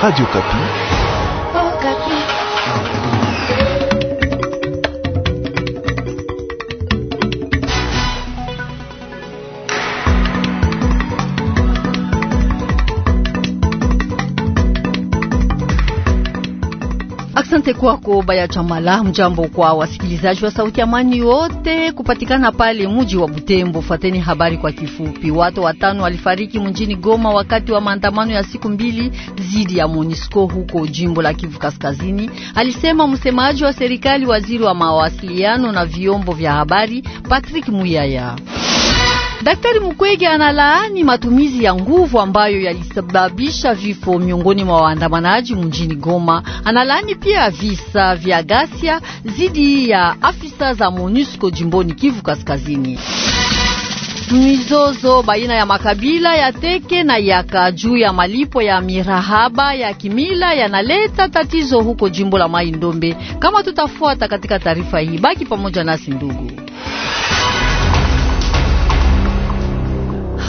Radio Kapi. Asante kwako Baya Chamala. Mjambo kwa wasikilizaji wa Sauti ya Amani wote kupatikana pale muji wa Butembo. Fuateni habari kwa kifupi. Watu watano walifariki mjini Goma wakati wa maandamano ya siku mbili dhidi ya MONUSCO huko jimbo la Kivu Kaskazini, alisema msemaji wa serikali, waziri wa mawasiliano na vyombo vya habari Patrick Muyaya. Daktari Mukwege analaani matumizi ya nguvu ambayo yalisababisha vifo miongoni mwa waandamanaji mjini Goma. Analaani pia visa vya ghasia dhidi ya afisa za MONUSCO jimboni Kivu Kaskazini. Mizozo baina ya makabila ya Teke na Yaka juu ya malipo ya mirahaba ya kimila yanaleta tatizo huko jimbo la Mai Ndombe, kama tutafuata katika taarifa hii. Baki pamoja nasi ndugu.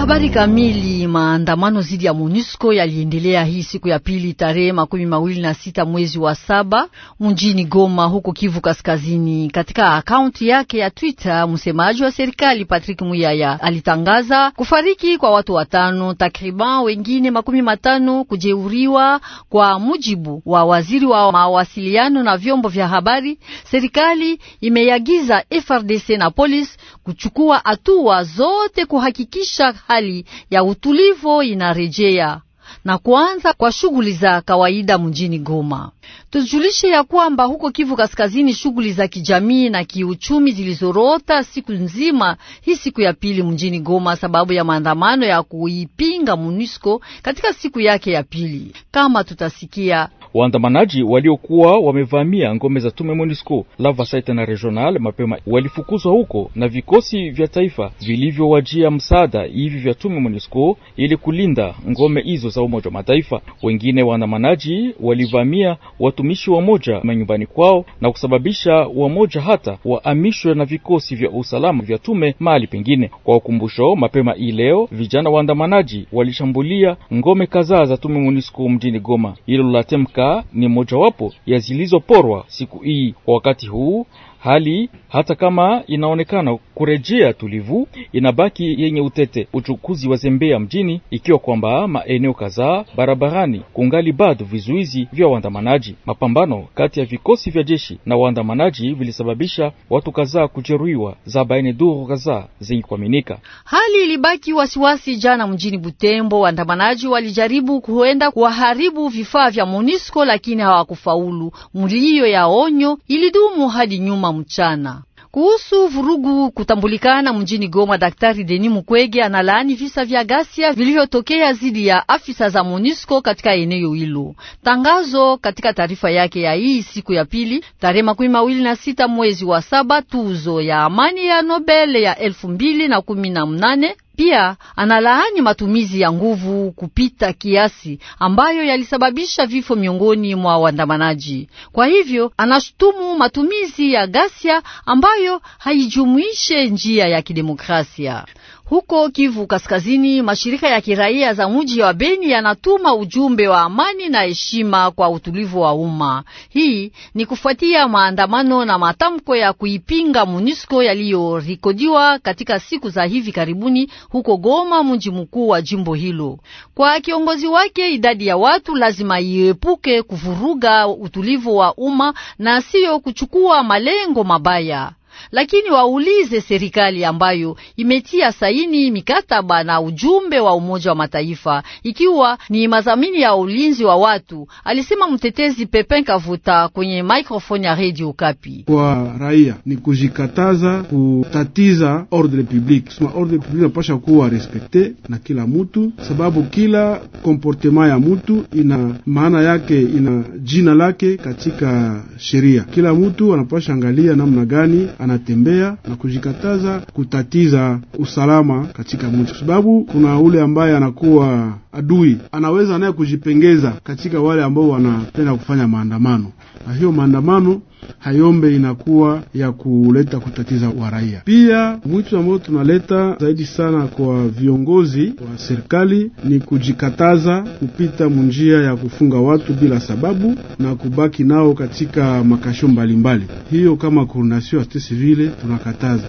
Habari kamili. Maandamano dhidi ya MONUSCO yaliendelea hii siku ya pili tarehe makumi mawili na sita mwezi wa saba mjini Goma huko Kivu Kaskazini. Katika akaunti yake ya Twitter, msemaji wa serikali Patrick Muyaya alitangaza kufariki kwa watu watano, takriban wengine makumi matano kujeuriwa, kwa mujibu wa waziri wa mawasiliano na vyombo vya habari. Serikali imeagiza FRDC na polisi kuchukua hatua zote kuhakikisha hali ya utulivu inarejea na kuanza kwa shughuli za kawaida mjini Goma. Tujulishe ya kwamba huko Kivu Kaskazini shughuli za kijamii na kiuchumi zilizorota siku nzima hii siku ya pili mjini Goma sababu ya maandamano ya kuipinga MONUSCO katika siku yake ya pili, kama tutasikia Waandamanaji waliokuwa wamevamia ngome za tume MONUSCO Lavasite na Regional mapema walifukuzwa huko na vikosi vya taifa vilivyowajia msaada hivi vya tume MONUSCO ili kulinda ngome hizo za Umoja wa Mataifa. Wengine waandamanaji walivamia watumishi wamoja manyumbani kwao na kusababisha wamoja hata waamishwe na vikosi vya usalama vya tume mahali pengine. Kwa ukumbusho, mapema hii leo vijana waandamanaji walishambulia ngome kadhaa za tume MONUSCO mjini Goma. Hilo temka Afrika ni mojawapo ya zilizoporwa siku hii kwa wakati huu Hali hata kama inaonekana kurejea tulivu, inabaki yenye utete. Uchukuzi wa zembea mjini, ikiwa kwamba maeneo kadhaa barabarani kungali bado vizuizi vya waandamanaji. Mapambano kati ya vikosi vya jeshi na waandamanaji vilisababisha watu kadhaa kujeruhiwa, za baini duru kadhaa zenye kuaminika. Hali ilibaki wasiwasi jana mjini Butembo. Waandamanaji walijaribu kuenda kuharibu vifaa vya MONUSCO lakini hawakufaulu. Mlio ya onyo ilidumu hadi nyuma mchana. Kuhusu vurugu kutambulikana mjini Goma, Daktari Deni Mukwege analaani visa vya ghasia vilivyotokea zidi ya afisa za MONUSCO katika eneo hilo. Tangazo katika taarifa yake ya hii siku ya pili tarehe makumi mawili na sita mwezi wa saba, tuzo ya amani ya Nobel ya elfu mbili na kumi na mnane pia analaani matumizi ya nguvu kupita kiasi ambayo yalisababisha vifo miongoni mwa waandamanaji. Kwa hivyo anashutumu matumizi ya ghasia ambayo haijumuishe njia ya kidemokrasia. Huko Kivu Kaskazini, mashirika ya kiraia za mji wa Beni yanatuma ujumbe wa amani na heshima kwa utulivu wa umma. Hii ni kufuatia maandamano na matamko ya kuipinga MONUSCO yaliyorekodiwa katika siku za hivi karibuni huko Goma, mji mkuu wa jimbo hilo. Kwa kiongozi wake, idadi ya watu lazima iepuke kuvuruga utulivu wa umma na siyo kuchukua malengo mabaya lakini waulize serikali ambayo imetia saini mikataba na ujumbe wa Umoja wa Mataifa ikiwa ni madhamini ya ulinzi wa watu, alisema mtetezi Pepin Kavuta kwenye maikrofoni ya redio Okapi. Kwa raia ni kujikataza kutatiza ordre public, kusema ordre public inapasha kuwa respekte na kila mutu, sababu kila komportema ya mutu ina maana yake, ina jina lake katika sheria. Kila mutu anapasha angalia namna gani anatembea na kujikataza kutatiza usalama katika mji, kwa sababu kuna ule ambaye anakuwa adui, anaweza naye kujipengeza katika wale ambao wanapenda kufanya maandamano, na hiyo maandamano hayombe inakuwa ya kuleta kutatiza wa raia. Pia mwito ambao tunaleta zaidi sana kwa viongozi wa serikali ni kujikataza kupita munjia ya kufunga watu bila sababu na kubaki nao katika makasho mbalimbali Hiyo kama koordination ya societe civile tunakataza.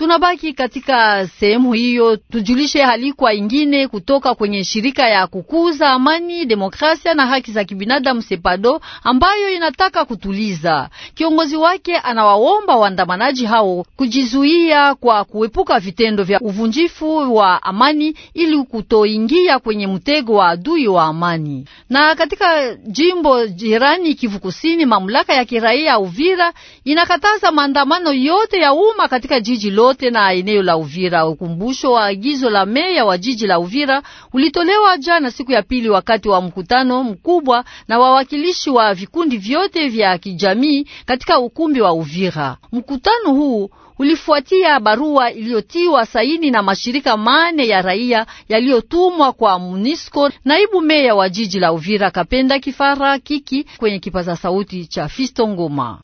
Tunabaki katika sehemu hiyo, tujulishe halikwa ingine kutoka kwenye shirika ya kukuza amani, demokrasia na haki za kibinadamu SEPADO ambayo inataka kutuliza. Kiongozi wake anawaomba waandamanaji hao kujizuia kwa kuepuka vitendo vya uvunjifu wa amani ili kutoingia kwenye mtego wa adui wa amani. Na katika jimbo jirani Kivu Kusini, mamlaka ya kiraia Uvira inakataza maandamano yote ya umma katika jiji lote zote na eneo la Uvira. Ukumbusho wa agizo la meya wa jiji la Uvira ulitolewa jana siku ya pili wakati wa mkutano mkubwa na wawakilishi wa vikundi vyote vya kijamii katika ukumbi wa Uvira. Mkutano huu ulifuatia barua iliyotiwa saini na mashirika mane ya raia yaliyotumwa kwa MONUSCO. Naibu meya wa jiji la Uvira Kapenda Kifara Kiki kwenye kipaza sauti cha Fisto Ngoma: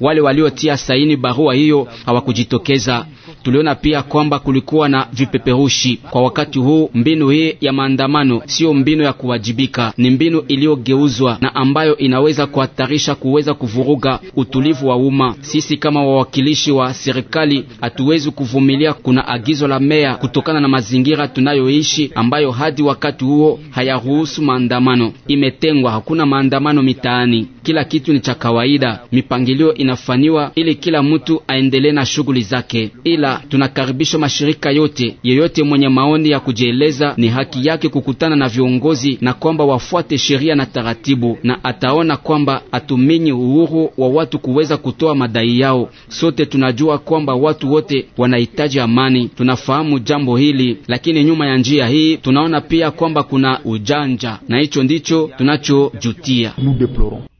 wale waliotia saini barua hiyo hawakujitokeza tuliona pia kwamba kulikuwa na vipeperushi. Kwa wakati huu, mbinu hii ya maandamano siyo mbinu ya kuwajibika, ni mbinu iliyogeuzwa na ambayo inaweza kuhatarisha kuweza kuvuruga utulivu wa umma. Sisi kama wawakilishi wa serikali hatuwezi kuvumilia. Kuna agizo la meya kutokana na mazingira tunayoishi ambayo hadi wakati huo hayaruhusu maandamano. Imetengwa, hakuna maandamano mitaani, kila kitu ni cha kawaida. Mipangilio inafanywa ili kila mtu aendelee na shughuli zake, ila tunakaribisha mashirika yote, yeyote mwenye maoni ya kujieleza ni haki yake kukutana na viongozi, na kwamba wafuate sheria na taratibu, na ataona kwamba atuminyi uhuru wa watu kuweza kutoa madai yao. Sote tunajua kwamba watu wote wanahitaji amani, tunafahamu jambo hili, lakini nyuma ya njia hii tunaona pia kwamba kuna ujanja, na hicho ndicho tunachojutia.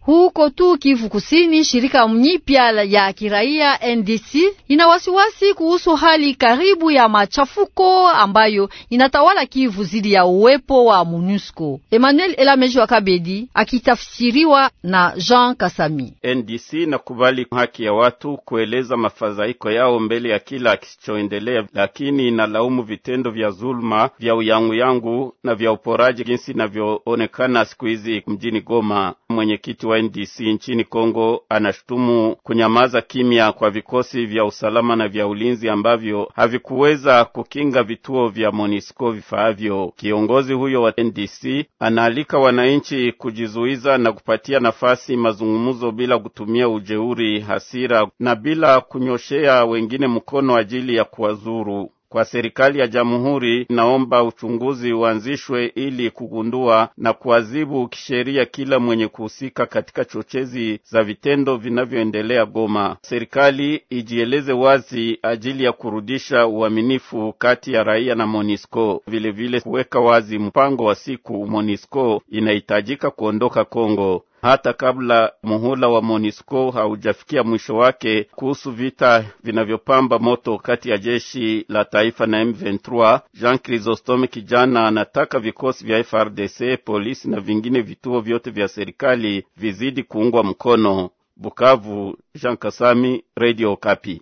Huko tu Kivu Kusini, shirika mnyipya ya kiraia NDC ina wasiwasi kuhusu hali karibu ya machafuko ambayo inatawala Kivu zidi ya uwepo wa MONUSCO. Emmanuel Elameji wa Kabedi akitafsiriwa na Jean Kasami. NDC inakubali haki ya watu kueleza mafadhaiko yao mbele ya kila kisichoendelea, lakini inalaumu vitendo vya zulma vya uyanguyangu na vya uporaji jinsi inavyoonekana siku hizi mjini Goma. Mwenyekiti wa NDC nchini Kongo anashutumu kunyamaza kimya kwa vikosi vya usalama na vya ulinzi ambavyo havikuweza kukinga vituo vya MONUSCO vifaavyo. Kiongozi huyo wa NDC anaalika wananchi kujizuiza na kupatia nafasi mazungumzo bila kutumia ujeuri, hasira na bila kunyoshea wengine mkono ajili ya kuwazuru. Kwa serikali ya jamhuri, naomba uchunguzi uanzishwe ili kugundua na kuadhibu kisheria kila mwenye kuhusika katika chochezi za vitendo vinavyoendelea Goma. Serikali ijieleze wazi ajili ya kurudisha uaminifu kati ya raia na MONUSCO, vilevile kuweka wazi mpango wa siku MONUSCO inahitajika kuondoka Kongo hata kabla muhula wa MONUSCO haujafikia mwisho wake kuhusu vita vinavyopamba moto kati ya jeshi la taifa na M23. Jean Chrysostome kijana anataka vikosi vya FRDC, polisi na vingine vituo vyote vya serikali vizidi kuungwa mkono. Bukavu, Jean Kasami, Radio Kapi.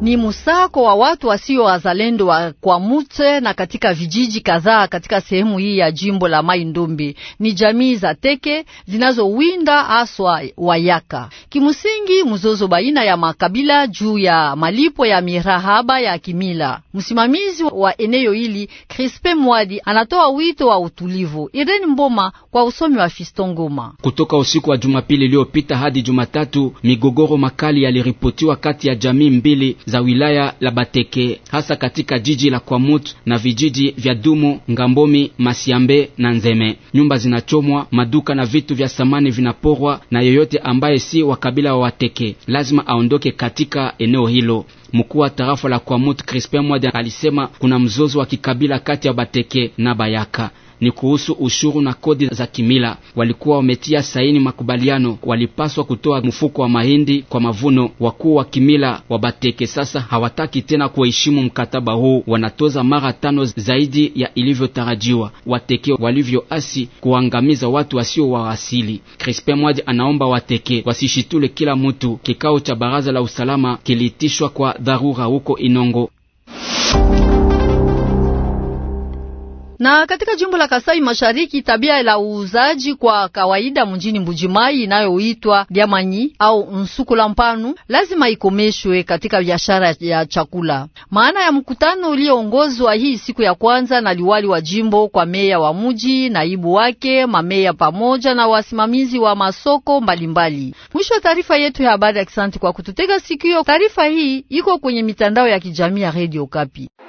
Ni musako wa watu wasio wazalendo wa kwa mute na katika vijiji kadhaa katika sehemu hii ya jimbo la Mai Ni jamii za teke zinazowinda aswa wayaka. Kimsingi, mzozo baina ya makabila juu ya malipo ya mirahaba ya kimila. Msimamizi wa eneo hili Crispe Mwadi anatoa wito wa utulivu. Irene Mboma kwa usomi wa Fiston Ngoma. Kutoka usiku wa Jumapili iliyopita hadi Jumatatu, migogoro makali yaliripotiwa kati ya jamii mbili za wilaya la Bateke, hasa katika jiji la Kwamut na vijiji vya Dumu, Ngambomi, Masiambe na Nzeme. Nyumba zinachomwa, maduka na vitu vya samani vinaporwa, na yoyote ambaye si wa kabila wa Wateke lazima aondoke katika eneo hilo. Mkuu wa tarafa la Kwamut Crispin Mwadi alisema kuna mzozo wa kikabila kati ya Bateke na Bayaka ni kuhusu ushuru na kodi za kimila. Walikuwa wametia saini makubaliano, walipaswa kutoa mfuko wa mahindi kwa mavuno. Wakuu wa kimila wa Bateke sasa hawataki tena kuheshimu mkataba huu, wanatoza mara tano zaidi ya ilivyotarajiwa. Wateke walivyoasi kuangamiza watu wasio wa asili. Crispin Mwadi anaomba Wateke wasishitule kila mtu. Kikao cha baraza la usalama kilitishwa kwa dharura huko Inongo. Na katika jimbo la Kasai Mashariki, tabia la uuzaji kwa kawaida mjini Mbujimai inayoitwa Diamanyi au Nsukula Mpanu lazima ikomeshwe katika biashara ya chakula. Maana ya mkutano ulioongozwa hii siku ya kwanza na liwali wa jimbo kwa meya wa muji, naibu wake, mameya pamoja na wasimamizi wa masoko mbalimbali. Mwisho wa taarifa yetu ya habari. Asante kwa kututega sikio. Taarifa hii iko kwenye mitandao ya kijamii ya Radio Kapi.